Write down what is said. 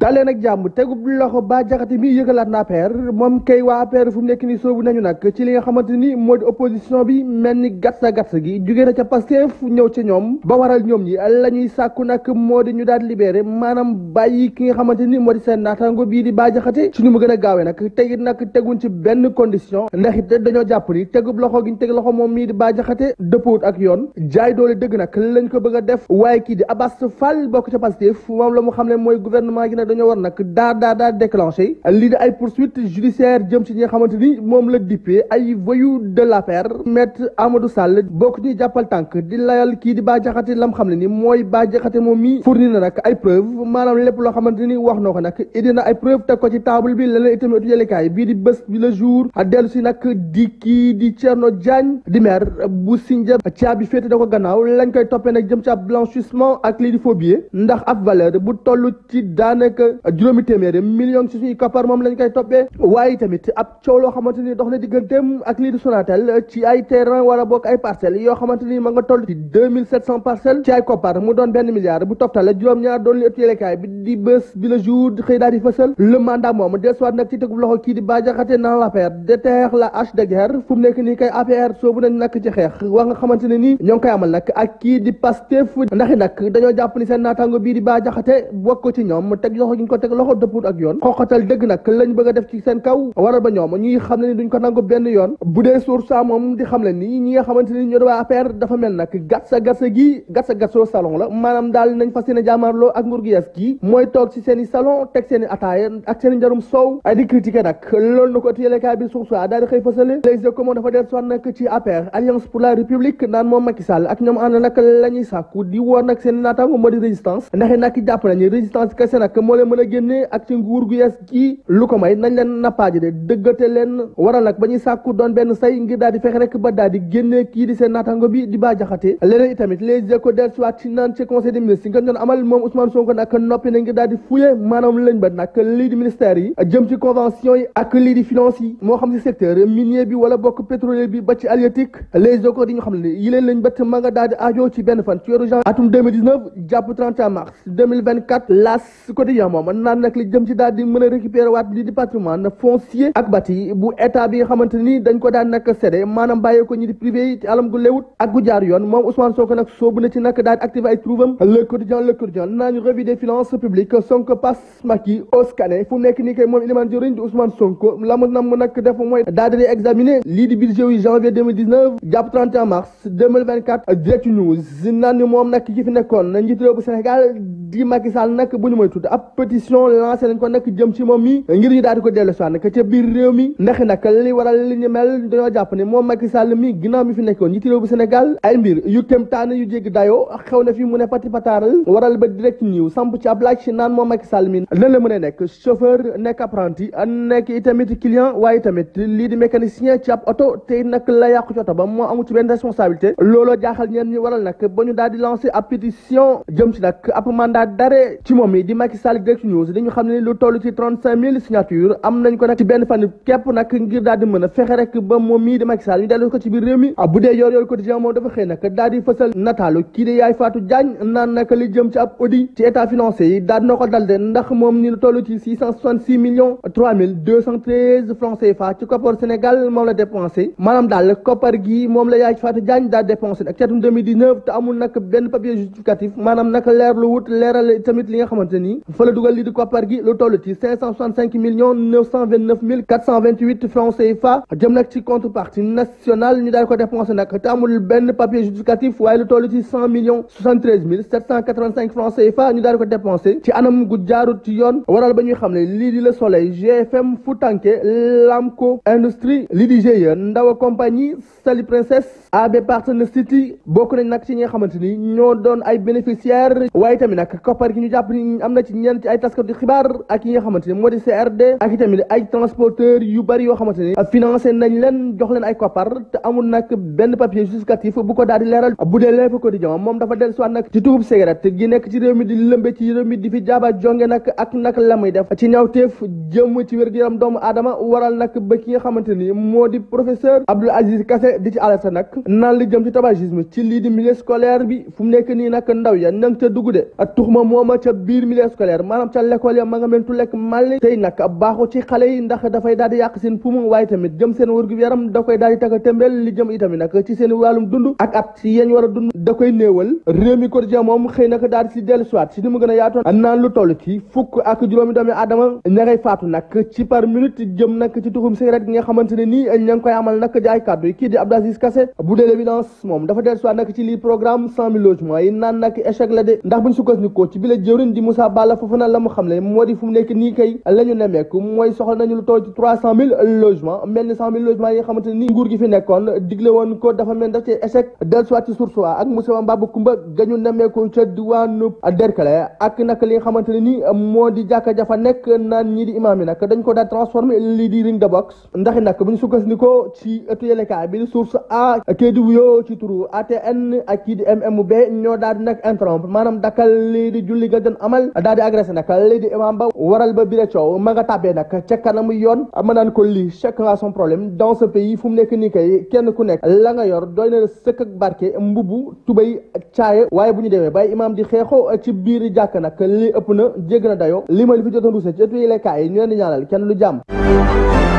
daleen ak jàmm tegub loxo ba jaxate mi yëgalaat na APR moom kay waa APR fu mu nekk nii soobu nañu nag ci li nga xamante ni moo di opposition bi mel ni gatsa gatsa gi jóge na ca Pastef ñëw ca ñoom ba waral ñoom ñi la sàkku nag moo di ñu daal libéré maanaam bàyyi ki nga xamante ni moo di seen naataango bii di ba jaxate ci nu mu gën a gaawee nag tegit nag teguñ ci benn condition ndax it dañoo jàpp ni tegub loxo gi ñu teg loxo moom mii di ba jaxate dëppawut ak yoon jaay doole dëgg nag a def waaye kii di Abass Fall bokk ca Pastef gi nag dañoo war nag daa daa daa déclenché lii di ay poursuite judiciaire jëm si ñi nga xamante ni moom la dippee ay voyou de l'affaire maître Amadou Sall bokk ñuy jàppal tànk di layal kii di Bah Diakhaté lam xam ne ni mooy Bah Diakhaté moom mi fourni na nag ay preuve maanaam lépp loo xamante ni wax na ko nag indi na ay preuve teg ko ci table bi leneen itam atu yelekaay bii di bés bi le jour dellu si nag di kii di Thierno Diagne di maire bu Sindia caabi féete da ko gannaaw lañ koy toppee nag jëm ci ab blanchissement ak lii di faux billets daanaka juróomi téeméeri million ci suñuy koppar moom lañ koy toppee waaye tamit ab coow loo xamante ni dox na digganteem ak lii di Sonatel ci ay terrain wala bokk ay parcelles yoo xamante ni ma nga toll ci deux mille sept cent parcelles ci ay koppar mu doon benn milliard moom dellusiwaat nag ci tegub kii di Bah fu mu nak dañoo jàpp ni seen naataango bii di Bah Diakhaté bokk ci ñoom mu teg loxo gi ñu ak yoon xoxatal dëgg nag lañ bëgg def ci seen kaw waral ba ñoom ñuy xam ni duñ ko nangu benn yoon bu dee source a moom daal nañ fas yéene jaamarloo ak nguur gi gi mooy toog ci seen salon teg seen ataaya ak seen njarum soow ay di critiquer nag loolu na ko téyelekaay bi source a daal di xëy fësale les écomoms dafa del soit nag ci APR alliance pour la république naan moom Macky Sall ak ñoom ànd nag la ñuy di woon nag nag moo leen mën a génne ak ci nguur gu yees gi may nañ leen nappaaje de dëggate leen waral nag ba ñuy sàkku doon benn say ngir daal fexe rek ba daal di génne kii di seen naatango bi di Bah Diakhaté leneen itamit les échos dellusiwaat ci naan ci conseil des ministres nga doon amal moom Ousmane Sonko nag noppi na ngir daal di fuye maanaam lañ ba nag lii ministère yi jëm ci convention yi ak lii finance yi moo xam ci secteur minier bi wala bokk pétrolier quotidien moom mën naan nag li jëm ci daal di mën a waat li di patrimoine foncier ak bâti bu état xamante ni dañ ko daan nag séddee maanaam bàyyee ko ñi di privé yi ci alam gu lewut ak gu yoon moom Ousmane Sonko nag soobu na ci nag daal di ay trouvam le quotidien le quotidien naañu revue des finances publiques Sonko passe Macky au fu nekk nii kay moom Iliman di Ousmane Sonko la mu nam nag def mooy examiner lii di budget yu janvier gi Macky Sall nag bu ñu moy tudd ab pétition lancé nañ ko nag jëm ci moom mi ngir ñu daal ko dellu si ca biir réew mi ndax nag li waral ñu mel dañoo jàpp ne moom Macky Sall mi mi fi nekkoon na fi mu ne pati pataaral waral ba direct ñëw samp ci ab laaj naan moom Macky Sall mi lan la nekk chauffeur nekk apprenti nekk itamit client waaye tamit lii di mécanicien ci ab oto te nag la yàqu ci ba moo amu ci benn responsabilité looloo jaaxal ñeen ñi waral nag ba ñu daal di lancé ab pétition jëm ci nag ab mandat ak ci moom yi di Macky Sall Direct News dañu xam ne lu toll ci trente cinq mille signature am nañ ko nag ci benn fan képp nag ngir daal mën a fexe rek ba moom mii di Macky Sall ñu dellu ko ci biir réew mi ah bu dee yor yor quotidien moom dafa xëy nag li jëm ci ab audit ci état financier yi daal na ko dalde ndax moom ñu toll ci six cent soixante six millions trois mille deux cent treize francs CFA ci koppar Sénégal moom la dépensé maanaam leeral tamit li nga xamante ni fa la dugal li di koppar gi lu toll ci cinq cent ko dépensé nag te amul benn papier justificatif waaye lu toll ci cent millions soixante treize mille sept cent quatre ko dépensé ci anam gu jaarut ci yoon waral ba ñuy lii di le soleil GFM Foutanké Lamco Industrie lii di GIE Ndawa compagnie Sali Princess AB Partner City bokk nag ci ñi nga xamante ni ñoo doon ay bénéficiaires waaye tamit nag ak koppar gi ñu jàpp ni am na ci ñenn ci ay taskatu xibaar ak yi nga xamante ne moo di CRD ak itamit ay transporteur yu bari yoo xamante ne financé nañ leen jox leen ay koppar te amul nag benn papier justificatif bu ko daal di leeral bu dee lépp quotidien moom dafa dellu siwaat nag ci tuxub cigarette gi nekk ci réew mi di lëmbe ci réew mi di fi jaaba jonge nag ak nag la def ci ñawteef jëm ci wér gu doomu aadama waral nag ba ki nga xamante ni moo di professeur Abdoul Aziz Kassé di ci alerte nag naan li jëm ci tabagisme ci lii di milieu scolaire bi fu mu nekk nii nag ndaw ya nang ca dugg de mbux ma ca biir milieu scolaire maanaam ca l'école ya ma nga lekk màlli tey nag baaxu ci xale yi ndax dafay daal yàq seen poumon waaye tamit jëm seen wërgu da koy daal di taka témbeel dund ak at si war a dund da koy néewal réew mi quotidien moom xëy naka daal si dellu siwaat si ni mu gën a yaatoon naan lu toll ci fukk ak juróomi doomi aadama ña faatu nag ci par minute jëm nag ci tuxum cigarette gi nga xamante nii ña koy amal nag jaay kàddu kii di Abdou Aziz Kassé sukkandikoo ci bi la jëwrin di Moussa Balla Fofana la mu xam ne moo di fu nekk nii kay la ñu mooy soxla nañu lu toll ci trois cent mille logements mel ni cent mille logements yi nga xamante moo di jàkka jafa nekk naan ñii di imaam yi dañ ko daal transformé lii di ring de box ndax nag bu ñu sukkandikoo ci ëttu yelekaay bi di source a kédi wuyoo ci turu ATN ak kii di MMB ñoo daal di nag maanaam dakkal lii di julli ga doon amal daal di agressé nag lii di imam ba waral ba a coow ma nga tàbbee nag ca kanamu yoon ma ko lii chaque a son problème dans ce pays fu mu nekk nii kay kenn ku nekk la nga yor doy na sëkk ak barke mbubu tubay ak caaye waaye bu ñu demee bàyyi imaam di xeexoo a ci biir jàkk nag lii ëpp na jeg na dayoo li ma li fi jotoon ruuse ci ëttu yi lekkaay yi ñu leen di ñaanal kenn lu jàmm